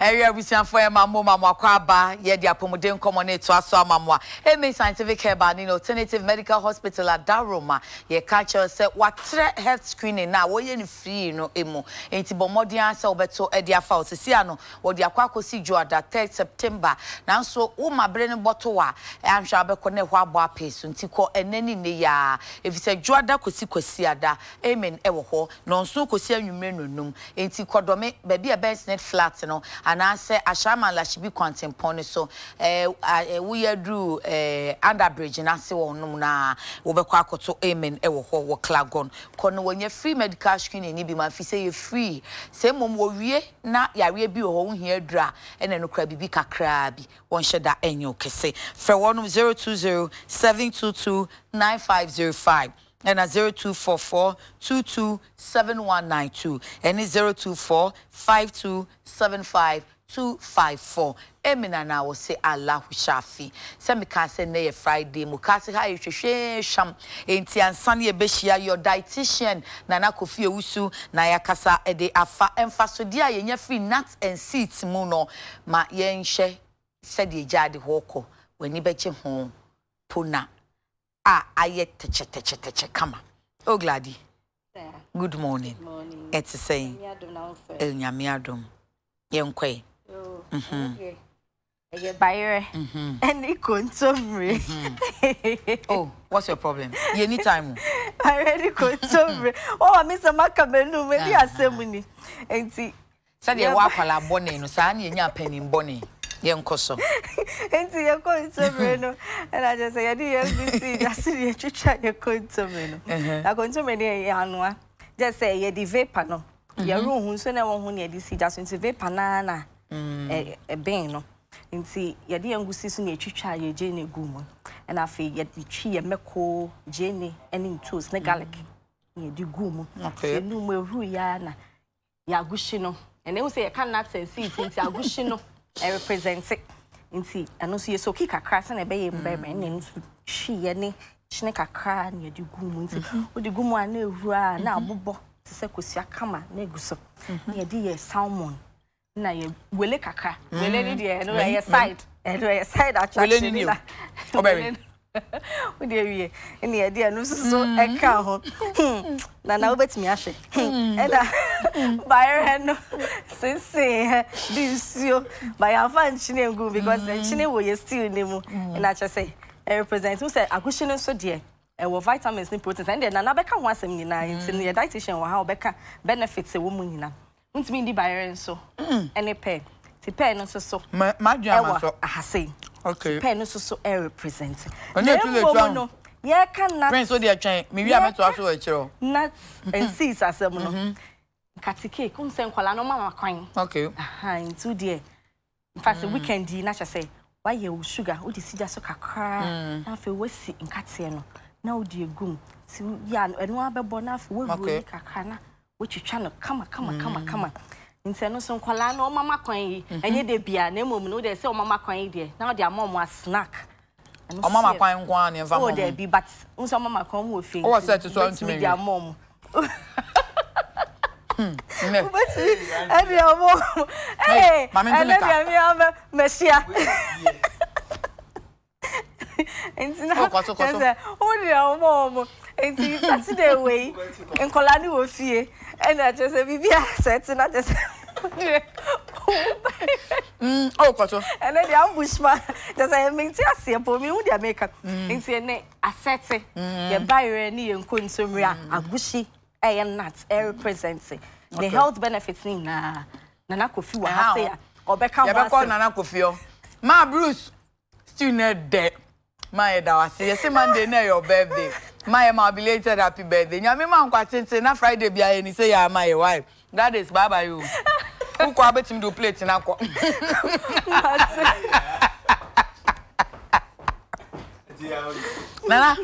ɛyɛ abusuafo ɛ ma mo ma mo akɔ aba yɛ de apɔmuden nkɔmɔ ne to aso ama mo a emi scientific herbal ne alternative medical hospital adaroma yɛ ka kyerɛ sɛ watrɛ health screening na wɔyɛ no free no emu nti bɔ mmɔden asɛ wɔbɛto ɛde afa o sisi ano wɔde akɔ akɔsi juada third september nanso woma bere no bɔto a ahwɛ abɛkɔ ne ɛhɔ abɔ apɛ so juada kɔsi kɔsi ada amen ɛwɔ hɔ nɔnso kɔsi anwumire nonum nti kɔdɔme baabi a bɛnsinet flat no anaasɛ ahyɛama lahyibi kwantempɔn no so woyɛ duru underbridge no ase wɔ nom na wobɛkɔ akɔto amen wɔ hɔ wɔ clagon kɔ no wɔnyɛ free medical screening ni bi ma fi sɛ yɛ free sɛ mmom wɔwie na yareɛ bi wɔ hɔ wohia aduru a ɛna no kora biribi kakraa bi wɔnhyɛ da ɛnyɛ seven two two nine five zero five and at 0244 227192 and it's 024 5275 254 emina na wo se Allahu Shafi se me ka se na Friday mu ka se ha ye hwehwe sham enti ansa na ye behia your dietitian Nana Kofi Ewusu na ya kasa e de afa emfa so dia ye nya nuts and seeds mu no ma ye nhwe se de gya wani beche ho pona a ayɛ tɛkyɛtɛkyɛtɛkyɛ kama ogladi yeah. good morning ɛte sɛn ɛnyame adom yɛnkɔe bayerɛ ɛne kontomire oh what's your problem you need time bayerɛ ne kontomire oh me sɛ maka m'anum ɛbi asɛm ni nti sɛdeɛ woakwala bɔne no saa ne ɛnya apanim bɔne yɛnkɔ uh-huh. mm-hmm. so nti yɛkɔ ntomire no ɛna kyɛ mm. sɛ yɛde yɛbc ase de yɛtwitwa yɛkɔ ntomire no na kontomire no yɛyɛ anoa gyɛ sɛ yɛde vapa no yɛrohu nso na ɛwɔ ho ne yɛde si gya so nti vapa naa na ɛbɛn no nti yɛde yɛn gusi so na yɛtwitwa a yɛgye ne gu mu ɛna afei yɛde twi yɛ mɛko gyene ne ntos ne garlic mm. na yɛde gu mu yɛnu mu ɛhuru yɛ na yɛaguhye no ɛna ehu sɛ yɛka nuts and seeds nti agushi no ɛrepresente nti ɛno nso yɛ sɛ oki kakra sɛ na ɛbɛyɛ mbɛrɛmɛ ɛna ɛno nso hwiiɛ ne kyene kakra na yɛde gu mu nti wode mm-hmm. gu mu a na ɛwura a na mm-hmm. abobɔ te sɛ kosua kama na ɛgu so mm-hmm. na yɛde yɛ salmon na yɛ wele kakra mm. wele ne deɛ ɛno ɛyɛ side ɛno ɛyɛ side atwakye ne la ɔbɛwe wode awie ɛne yɛde ɛno nso so ɛka ho hmm. nana wobɛtumi ahwɛ ɛna Byron, bayerɛ no sensee de nsuo bayamfa nkyene ngu because nkyene wɔ yɛ stew ne mu ɛna kyerɛ sɛ ɛrepresent mu sɛ agohye no nso deɛ ɛwɔ eh, vitamins ne proteins ɛne deɛ nana bɛka ho asɛm nyinaa nti no yɛ dietitian wɔ ha wɔbɛka benefits ɛwɔ mu nyinaa ntumi ndi bayerɛ nso ɛne pɛ ti pɛ no nso so Okay. ahase ti so eh, no nso eh, so ɛrepresent na emu no yɛka nuts prince o deɛ twɛn mi wi a mɛto aso wɔ akyerɛ o nuts and mm-hmm. seeds asɛm no. Mm-hmm nkate cake n sɛ nkwadaa no mama kwan okay ntu deɛ mfasi mm. weekend yi n'akyɛ sɛ wayɛ wo sugar wode si gya so kakraa mm. na afei wasi nkateɛ no na wode egum ti yɛ ɛno abɛbɔ na afei wɔwuro ni kakraa na wɔtwitwa no kama kama mm. kama kama nti ɛno nso nkwadaa no ɔmama kwan yi mhm. ɛnyɛ de bia na emom no wode sɛ ɔmama kwan yi deɛ na ɔde ama ɔmo a snack ɔmama kwan nko ne nfa mo ho o but nso ɔmama kwan mu wɔ fie nti wɔtumi de ama ɔmo. wobɛti ɛdeɛ ɔmo ɛne deɛ meama mahyia nti na sɛ wodeɛ ɔmo ɔmo nti saturday wei nkɔla ne wɔ fie ɛna kyerɛ sɛ biribia sɛ ɛte na kyerɛ sɛ wodeɛ Mm, oh, kwato. And then the ambushman, just I mean, see, I see a poem, you would make up. In saying, I set it, your buyer, and you ɛyɛ nat ɛrepresente ne health benefits ne nyinaa nana kofi wɔ ha se a ɔbɛka ho asɛm nana kofi ɔ maa bruce still ne dɛ maa yɛ da wase yɛsɛ monday ne your birthday maa yɛ maa belated happy birthday nyame maa nkwa tenten na friday bia yɛ ni sɛ yɛ ama yɛ wife that is bye bye you wokɔ abɛtumi de o plate na kɔ. nana.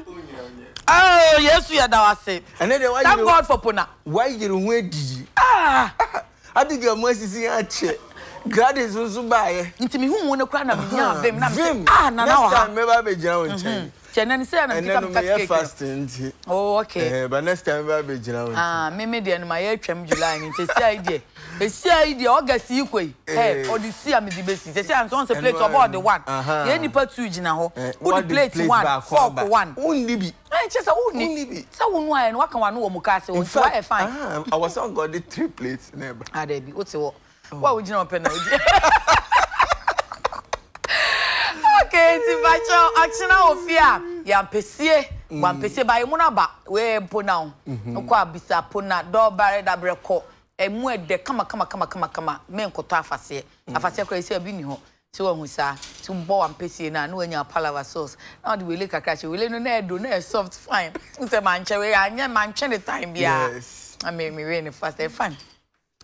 Oh, yes, we are now say. And then why Thank God for Pona. Why you wait? Ah, I did your mercy see a check. Gladys was by it. Me who won a crown of him. Ah, now I remember me John Chen. Chen and Sam and then we are fasting. Oh, okay. But next time I'll be John. Ah, Mimi, and my air tram July. It's a idea. It's a idea. August, you quay. Hey, or the sea, I'm the basis. They say I'm on the plate about the one. Any part two, Jinaho. Put the plate one, fork one. Only be nkyɛ sɛ wonni sɛ wo nu ayɛ no waka wano wɔ mu kaa sɛ fine ah, i was on god three plates na ɛba ah daabi wote wɔ wo a wogyina ɔpɛ na wogye okay nti bakyɛ akyena wɔ fie a yɛampesie wampese ba mm-hmm. emu naba wee pona o nkɔ abisa pona dɔɔbare dabrɛ kɔ emu ɛdɛ kama kama kama kama kama mɛ nkɔtɔ afaseɛ mm. afaseɛ kora esi ebi ni hɔ tí wọn sa tí bọ wà mpẹsẹ náà ní wọn yàn palava sauce náà di wele kakra ṣe wele no náà ẹdọ náà soft fine n sẹ màá nkyẹn wẹyà ànyẹ màá nkyẹn ní time bíà àmì mi wẹ ní fast ẹ fine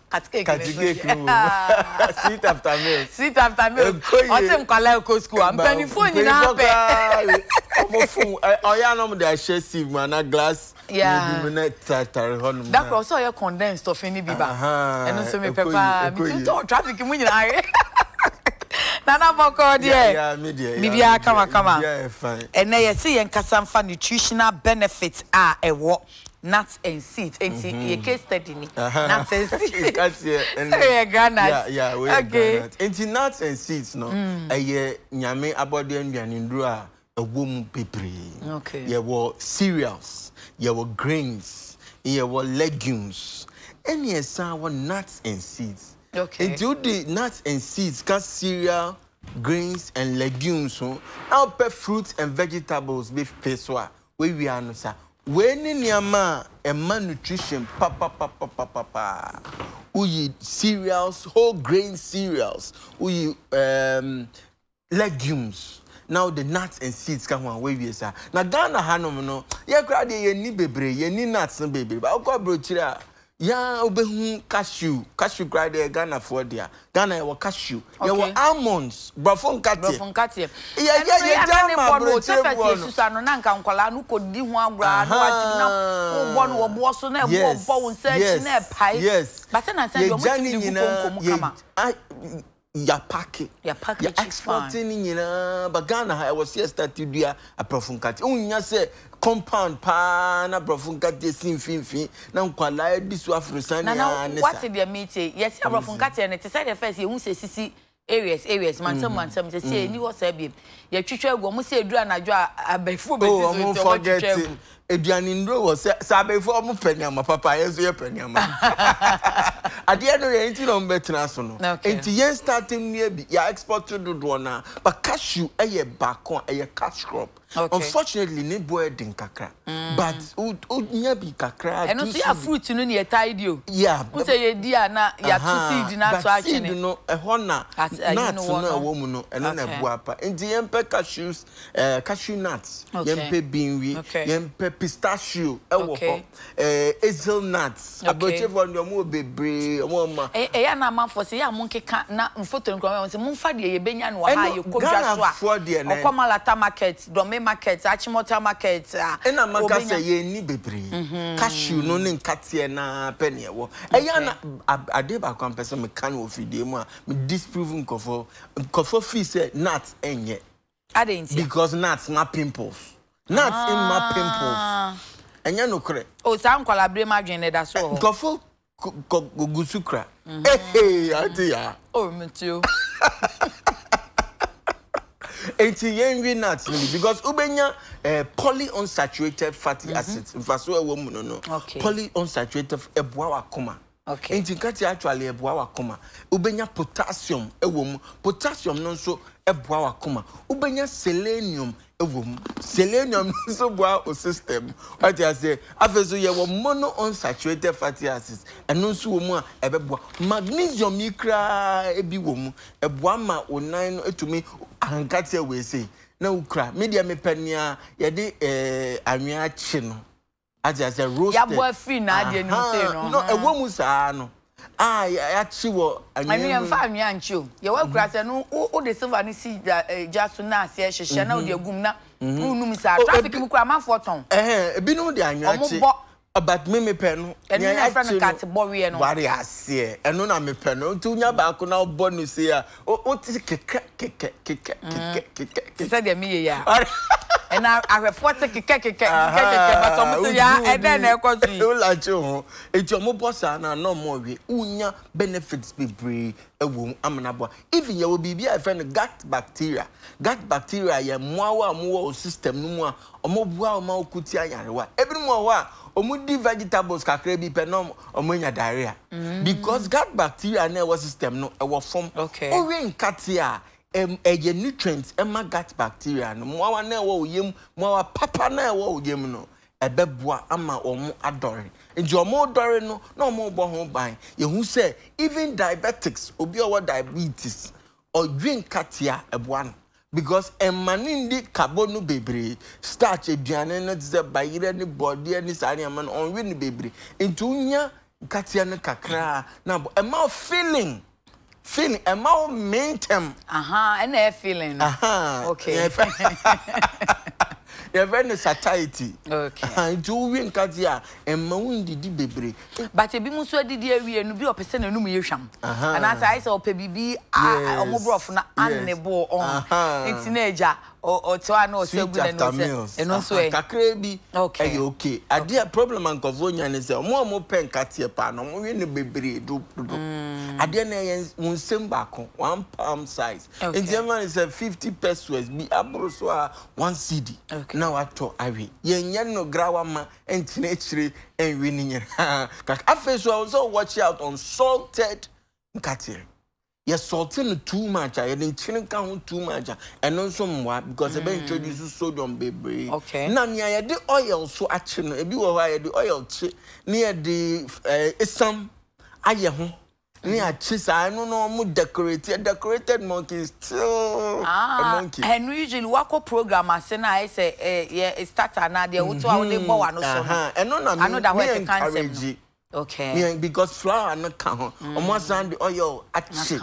katikeke katikeke o sweet after meal sweet after meal ọtí nkwalẹ ẹkọ school àmpẹnifọ nyinaa pẹ ọmọ fún ọyá anam de ahyẹ sieve mu ana glass ebi mu na tatare hɔ nom. dakoro sọ yẹ condensed ọfin ni bi ba ẹnu sọ mi pẹ paa mi ti n tọ traffic mu nyinaa yẹ. Eh. nana bɔkɔ deɛ biribiara kamakama ɛnɛ yɛsi yɛn kasa nfa nutritional benefit a ɛwɔ nuts and seeds. And mm -hmm. your case study ni uh-huh. nuts and seeds. That's yeah. And, so yeah, granite. Yeah, yeah, we okay. And the nuts and seeds no. Mm. Eye eh, nyame abodi nduane nduru a eh, womb mu Okay. Ye wɔ cereals, ye wɔ grains, ye wɔ legumes. Any esa wɔ nuts and seeds okay nti o de nuts and seeds ka cereal grains and legumes ho na o pɛ fruits and vegetables bi fi so a wewia no sa wee ne nneɛma a ɛma nutrition papapapapapa woyi cereals whole grain cereals woyi um, legumes now the nuts and seeds ka ho a wawie saa na ghana hanom no yɛkora deɛ yɛni bebree ni nuts no Ba baakɔ aburokyire a yaa wobɛhu cashew cashew kora deɛ ghanafoɔ deɛ ghana yɛwɔ cashew yɛwɔ almonds brɔfo nkateɛ yɛyɛyɛgya ma aburokyeɛ buɔ no susa no na nka nkwadaa no kɔdi ho agorɔ no wati na wobɔ no wɔboɔ so na ɛbɔ ɔbɔ wo nsa akyi na ɛpae yes basa na sɛ deɛ ɔmo ti di nkɔmɔ kama yapaki yapaki ya export in nyinaa but ghana I ha ɛwɔ sɛ start dua aborɔfo nkate wonya say compound paa na aborɔfo nkate si mfimfini na nkwalaa di so aforosanea ne sawate deɛ metie yɛse aborɔfo nkateɛ and te sɛ deɛ fɛs yɛhu sɛ sisi areas areas mantam mantam sɛ sɛ ɛni hɔ saa biam yɛtwitwa agu ɔmo sɛ ɛduru anadwo a abɛfoɔ bɛsi so nti ɔmotwitwa agu aduane nduro wɔ sɛ sɛ abɛɛfoɔ ɔmo pɛ nneɛma papa yɛn nso yɛ pɛ nneɛma adeɛ no yɛn ti na ɔmo bɛtena so no nti yɛn starting nua bi yɛ export dodoɔ na but cashew ɛyɛ baako ɛyɛ cash crop okay. unfortunately ne boɛ den kakra mm. but o o nya bi kakra ɛno nso yɛ fruit no ni yɛ taa di o yeah n sɛ yɛ di a na yɛato seed na ato akyene but seed no ɛhɔ na uh, nut no ɛwɔ mu no ɛno na ɛbu apa nti yɛn pɛ cashews ɛɛ eh, cashew nuts yɛn pɛ binwi yɛn pɛ pistachio ɛwɔ hɔ ɛɛ hazelnut aburokyefo ni ɔmo bebree ɔmo ma. ɛyà náà máa fọ sí yà mú kíkà na nfoto nkura wọn sẹ mú nfa deɛ yẹ bẹ nya ni wà ha yẹ kó dwa so a ɔkɔmalata market dɔmi market achimota market a. ɛna maka sɛ yɛ ni bebree mhm. ni ɛwɔ ɛyà na ade baako apɛ sɛ mi ka ni wɔ fidie mu a mi disprove nkɔfɔ nkɔfɔ fi sɛ nut ɛnyɛ. adé n ti. because nuts na pimples. Nuts in my ah. pimples. ɛnyɛ nokorɛ o oh, saa nkwalabere ma adwene ne da so eh, hɔ nkɔfo gogu so Hey, ehe ate ya Oh, metio eti yɛn wi nuts because ubenya uh, eh, polyunsaturated fatty mhm. acids mfaso ɛwɔ mu no no Okay. polyunsaturated ɛboa wakoma okay nti nka ti actually ɛboa wakoma wobɛnya potassium ɛwɔ mu potassium no nso ɛboa wakoma wobɛnya selenium ɛwɔ mu selenium no nso boa o system wate aseɛ afei so yɛwɔ mono unsaturated fatty acids ɛno nso wɔ mu a ɛbɛboa magnesium yi koraa ebi wɔ mu ɛboa ma o nan no etumi ahankateɛ wɔ ese na okura media mepɛ nea yɛde ɛɛ eh, anwea akyi no adi ase roasted yabɔ firi na adi enim se no no ewo mu saa no ah, a yakyi wɔ anwia mu anwia nfa anwia nkyi o yɛwɔ kura sɛ no o o de silver ne si eh, gya so na aseɛ hyehyɛ na o de egum mhm. na o mhm. num saa oh, traffic mu kura amanfoɔ tɔn ɛhɛn ebinom de anwia akyi ɔmo bɔ but me me pɛ no ɛnu na fɛn no kati bɔ wiɛ no wari aseɛ ɛnu na me pɛ no nti nya mm. baako na ɔbɔ no se a o o ti kɛkɛ kɛkɛ kɛkɛ kɛkɛ mm. kɛkɛ. sisan deɛ mi yɛ ya. And I ɛna ahwɛfoɔ te kekɛkekɛ kekɛkekɛ bàtɔ mo se ya and then ɛkɔ so yi. o lajɛ o eti ɔmo bɔ saa na anɔ ɔmo We unya benefits bebree ɛwɔ mu amanabɔ even If you biribi a yɛfrɛ no gut bacteria gut bacteria yɛ mmoawa a mowɔ o system no mu a ɔmo bua ɔmo akuti ayarewa ebinom wɔ hɔ a ɔmo di vegetables kakra bi pɛ na ɔmo nya diarrhea. Mm. because gut bacteria na ɛwɔ system no ɛwɔ form. okay We ɔwie nkatea. ɛyɛ nutrients ɛma gut bacteria no mmoawa na ɛwɔ mu mmoawa papa na ɛwɔ mu no ɛbɛboa ama wɔn adɔre nti wɔn dɔre no na wɔn bɔ ho ban yɛhu sɛ even diabetics obi ɔwɔ diabetes ɔdwi nkatea ɛboa no because ɛma ne ndi kabo no bebree starch aduane no te sɛ bayerɛ ne bɔdeɛ ne saa nneɛma no ɔnwe no bebree nti wonya nkatea no kakraa na ɛma feeling. fin ɛma wo mentɛm ɛna ɛ feeling no yɛfrɛ no satiety Okay. nti wowie nka te a ɛma wo ndidi bebree but ebi mu nso adidi awie no bi ɔpɛ sɛ n'anum yɛ hwam anaasɛ ayɛ sɛ ɔpɛ biribi a ɔmo borɔfo no anne boɔ ɔn nti na agya ɔte a na ɔsɛ gu n'anim sɛ ɛno nso yɛ kakra bi ɛyɛ okay adeɛ problem a nkɔfoɔ nya ne sɛ ɔmo a ɔmo pɛ nkateɛ paa na ɔmo yɛ do. bebree dododo adeɛ na ɛyɛ wɔn nsɛm baako one palm size nti ɛma ne sɛ fifty pesos bi aboro so a one cd na watɔ awe yɛn nyɛ no grawa ma ntina akyire ɛnwi ne nyinaa afei so a wɔn sɛ watch out on salted nkateɛ yɛsɔɔte no too much a yɛde nkyene ka ho too much a ah. ɛno nso mmoa because ɛbɛ mm. introduce sodium bebree okay. na nea yɛde oil so akye no ebi wɔ hɔ a yɛde oil kye ne yɛde ɛɛ uh, esam ayɛ ho ne akye hmm. saa ɛno na ɔmo decorated decorated ah, monkey still ah, a monkey. ɛnu usually wakɔ program ase na ayɛ sɛ ɛɛ yɛ starter na deɛ wotu a wɔde bɔ wa no so no ɛno hmm, na mi mi encourage okay yeah, because flour not ka ho ọmọ mm. sand. Oil actually.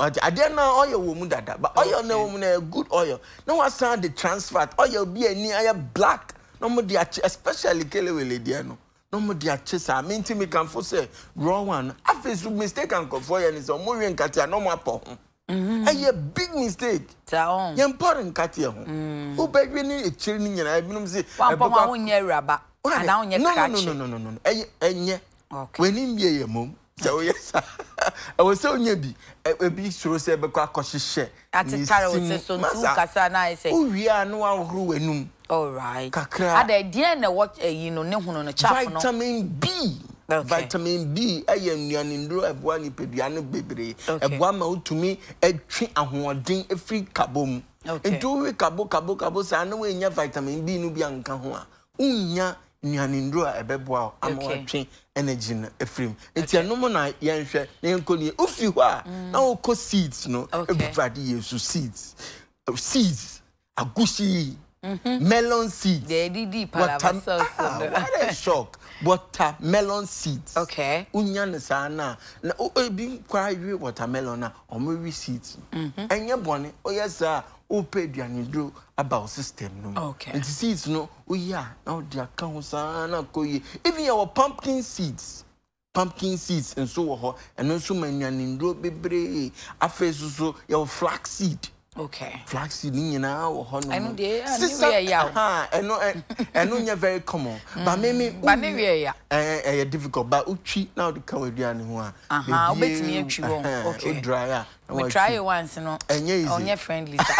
akye adeɛ na oil wɔ mu dada but oil na wɔ mu na good oil No wɔn asan de trans fat oil bi ani ayɛ black No more the akye especially kelewele deɛ no na wɔn de akye I mean to me kan fo sɛ raw one afei so mistake nkɔfoɔ yɛ ni sɛ wɔn wi no more wɔn apɔ ho mm-hmm. ɛyɛ big mistake yɛn mpɔre nkatea ho mm. wobɛwi ne ekyir ne nyinaa ebinom si ɛbɛkɔ wampɔn a wɔn nyɛ awuraba anaa wɔn no scratch no no no no no ɛyɛ ɛnyɛ w'anim bie yɛ mom sɛ woyɛ sa ɛwɔ sɛ wonya bi ebi soro sɛ ɛbɛkɔ akɔhyehyɛ ne sim masa wowie a na wahoro w'anum eh, no. vitamin b vitamin b ɛyɛ nnuane nduro ɛboa nipadua no bebree ɛboa ma wotumi ɛtwe ahoɔden ɛfiri kabo mu nti wowe kabo kabo kabo saa na woanya vitamin b no bi anka ho a wonnya nnuane nduro a ɛbɛboa wo ama wɔatwe energy no efirim nti ɛnum na yɛnhwɛ na yɛnkɔ nie ofi hɔ a na wɔkɔ seeds no ebufade yɛ so seeds seeds agusi mhm. melon seeds water ah what a shock watermelon seeds unya ne saa na na ebi nkwa awie watermelon na ɔmo wi seeds mhm. ɛnyɛ bɔnne ɔyɛ saa. Who aduane duro aba about system no okay nti seeds no we a now the accounts ho saa na even your pumpkin seeds pumpkin seeds and so on. And also many nnuane duro bebree afei so so flax seed okay flaxseed ni nyinaa wɔ hɔ nom ɛno deɛ sisa ha ɛno ɛno nyɛ very common mm. ba me me ba ne wie ya ɛɛ ɛyɛ difficult ba utwi na ɔde ka w'aduane ho a aha obetumi atwi wɔn okay o dry a we try it once no ɛnyɛ easy ɔnyɛ friendly sa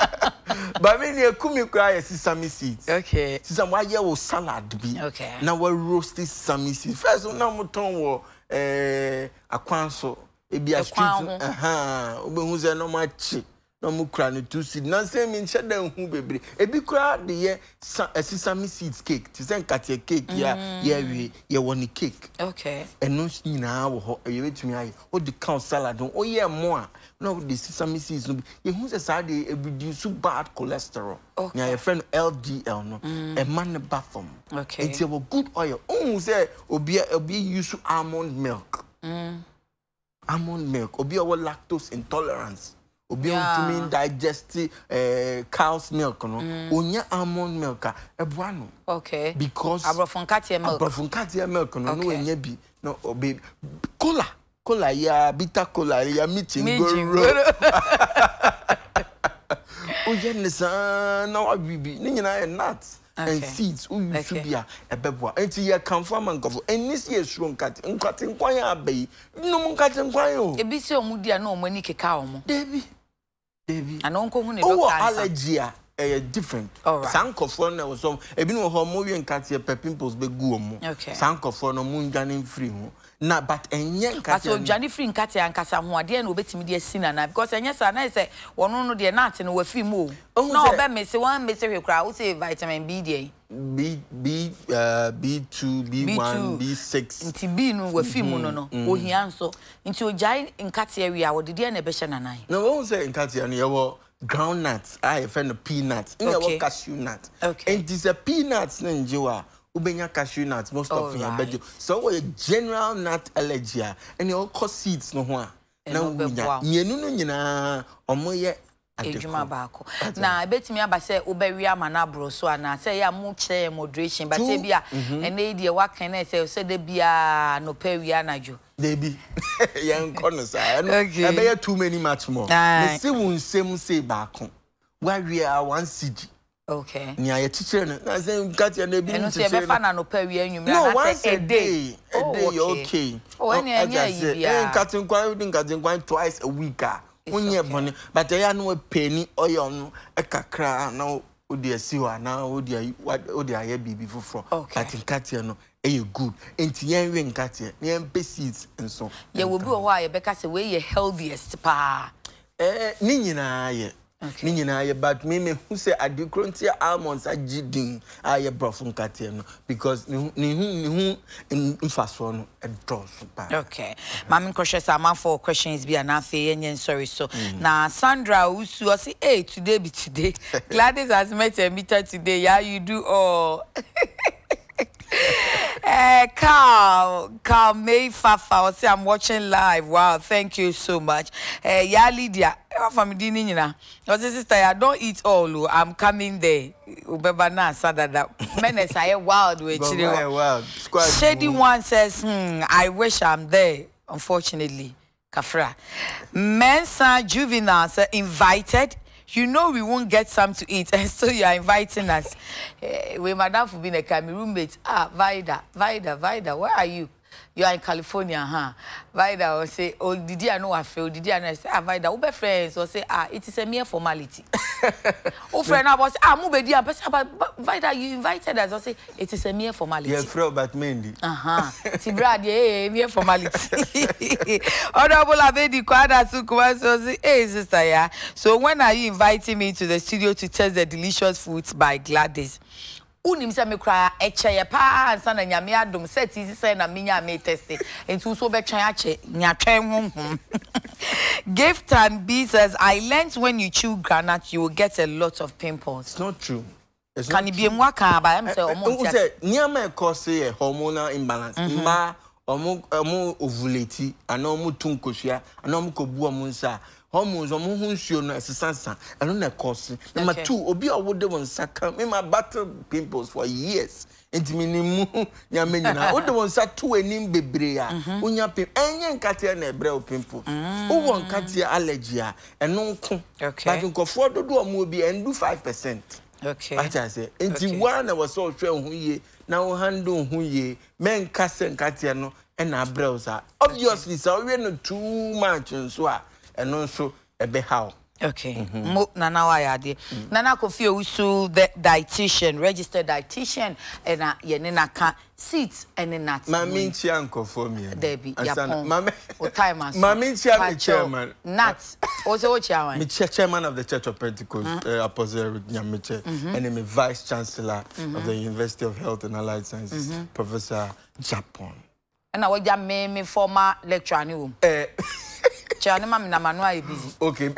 ba me ne ekumi kura yɛ sesame seeds okay sesame wayɛ wɔ salad bi okay na wɔ roasted sesame seeds first na mo tɔn wɔ ɛɛ akwan so ebi a street ɛhan obehu sɛ ɛnɔma kye na mo kura ne two seed nansi mi nhyɛ dan hu bebree ebi kura de yɛ sa ɛsesame seed cake te sɛ nkateɛ cake yɛ a mm. yɛawie yɛwɔ ne cake ɛno nyinaa wɔ hɔ ɛyɛ betumi ayɛ odi cow salad ho oyɛ mo a na ɔde sesame seeds no bi yehu sɛ saa de ebidi bad cholesterol nea yɛfrɛ no ldl no mm. ɛma ne ba fam nti ɛwɔ good oil ohun sɛ obi obi use almond milk mm. almond milk obi a ɔwɔ lactose intolerance obi a ntumi digesti eh, cow's milk no mm. onya almond milk a ɛboa no because aborɔfo nkateɛ milk aborɔfo nkateɛ milk no no onya bi no obi oh, kola kola ya bitter kola ya meeting goro woyɛ ne saa na wabibi ne nyinaa yɛ nuts and seeds who you should be a beboa. And to your confirm and cover. And this year's strong cat, and cut in quiet bay. No one cat in quiet. A busy or moody, no money cacao wowɔ allergy a ɛyɛ different saa nkɔfoɔ no ɛwɔ sɔm ebinom wɔ hɔ mowɛ nkateɛ pɛ pimples bɛgu wɔ mu saa nkɔfoɔ no mundwane mfiri ho na but ɛnyɛ nkate aso dwane firi nkate ankasa ho adeɛ na obetumi de asi nana because ɛnyɛ saa na sɛ wɔn no deɛ naate no wafi mu o na ɔbɛ mese wɔn mese hwɛ koraa o sɛ vitamin b deɛ. b b uh, b two b one b six. nti b no wafi mu no no mm-hmm. ohia nso nti ogyae nkate awia wɔde deɛ na ɛbɛhyɛ e nana. na wɔn sɛ nkate no yɛwɔ groundnut a yɛfɛ no peanut n yɛwɔ cashew nut nti sɛ peanut ne ngyewa wobɛnya cashew nut most of yɛn bɛgye so wɔyɛ general nut allergy a ɛne ɔkɔ seeds no ho a na wonya mmienu no nyinaa ɔmoyɛ adwuma baako na ebetumi aba sɛ wobɛwi ama no aborɔ so anaa sɛ yɛ a mo yɛ moderation bate bi a ɛnɛ yi deɛ woaka ne sɛ sɛ da biaa nɔpɛ awia anadwo dabi yɛnkɔ no saa ɛno ɛbɛyɛ too many much more mesi wo nsɛm sei baako woawie a wansidi Okay. Ni aye chiche na na say nkati na ebi se no once a day. A oh, day okay. Oh any any ibi ya. Eh, nkati nkwan nkati nkwan twice a week ah. Unye bone but ya no penny oyo no e kakra na o de siwa ho na o de o de aye bibi foforo. But nkati no ɛyɛ good nti yɛn we nkateɛ na yɛn mpɛ seeds nso. yɛwɔ bi wɔ hɔ a yɛbɛka sɛ wei yɛ healthiest Pa. Eh, ne nyinaa yɛ ne nyinaa yɛ but me mehu sɛ ade koro nti a almonds agye din a yɛ borɔfo nkateɛ no because ne ho ne ho mfasoɔ no ɛdɔɔso paa okay maame nkɔhwɛ sɛ amanfoɔ questions bi anaa afei yɛnyɛ nsɔre so mm. na sandra wusu ɔse hey today be today gladys has met her meter today yeah you do all Uh, Carl, Carl May Fafa, I say I'm watching live. Wow, thank you so much. Uh, eh, yeah, Lydia, from Dinina. Your sister, I don't eat all. Oh, I'm coming there. Ubeba na sadada. Menes I wild with wild. Shady one says, hmm, I wish I'm there. Unfortunately, Kafra. Mensa Juvenile invited. you know we won't get some to eat, and so you are inviting us. uh, we, Madame a my roommate, ah, Vida, Vida, Vida, where are you? you are in California, huh? Vida will say, oh, did you know I feel? Did you know I say, ah, Vida, Uber friends will say, ah, it is a mere formality. Oh, friend, I was, ah, move dia, but Vida, ah, you invited us. I say, it is a mere formality. Yeah, Fro, but mainly. Uh-huh. Tibrad, yeah, mere formality. Honorable Abedi Kwada Sukuma, so say, hey, sister, yeah. So when are you inviting me to the studio to test the delicious foods by Gladys? wonim sɛ me koraa ɛkyɛyɛ e paa ansa na nyame adom sɛ tiisi sɛ na menya metɛse nti e wo so wobɛtwɛn akyɛ nyatwɛn honhom gift and b says i learnt when you chew granite you will get a lot of pimples it's not true ka ne biemu aka aba ɛm sɛ ɔmo ntia sɛ nneɛma ɛkɔ se eh, eh, yɛ hormonal imbalance mmaa mm-hmm. ɔmo ɔmo ovulate anaa ɔmo tu nkosua anaa ɔmo kɔ bu ɔmo nsa hormones ɔmo ho nsuo no ɛsesasa ɛno na ɛkɔɔse number okay. two obi a ɔwode wɔn nsa ka me ma battle pimples for years nti mi ni mu nyame nyinaa wode wɔn nsa to anim bebree a mhm. wonya pim ɛnyɛ nkateɛ na ɛbrɛ wo pimple mm. wowɔ nkateɛ allergy a ɛno nko but nkɔfoɔ dodoɔ mu obi ɛndu five percent Okay. sɛ nti Okay. na wɔsɛ ɔhwɛ ho yie na wo handle ho yie mɛnka sɛ nkateɛ no ɛna abrɛ wo saa obviously sɛ wowie no too much nso a ɛno nso ɛbɛha wo Okay. Mm -hmm. Mo Nana Wayade. Mm -hmm. Nana Kofi Owusu, the dietitian, registered dietitian, and uh, yenena ka seats and in that. Mami nchia nkofo Debbie, Mami. O time aso. Mami nchia mi chairman. Nat. Ose o chairman. Mi chairman of the Church of Pentecost, mm -hmm. uh, Apostle Eric Nyamiche, mm -hmm. and I'm vice chancellor mm -hmm. of the University of Health and Allied Sciences, mm -hmm. Professor Japon. And I was your former lecturer. Eh. kyia ne ma me nam ano ayɛ busy okay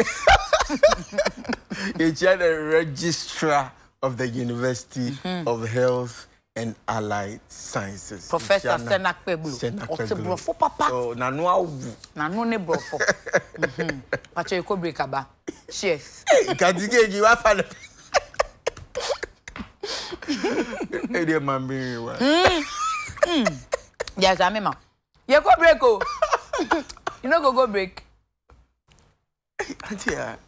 yɛkyia the registrar of the university mm of health and allied sciences. Professor Sena Kpebulu. Sena Kpebulu. Ọtí burọ̀fọ́ pápá. Ọ̀ nànú àwù. Nànú ní burọ̀fọ́. Pàṣẹ ikó bèrè kaba. Cheers. Ìkàtí kéèjì wá fàlẹ̀. Èdè máa ń bèrè wa. Yàtọ̀ àmì mà. Yẹ kó break oh. You no go go break. 安姐。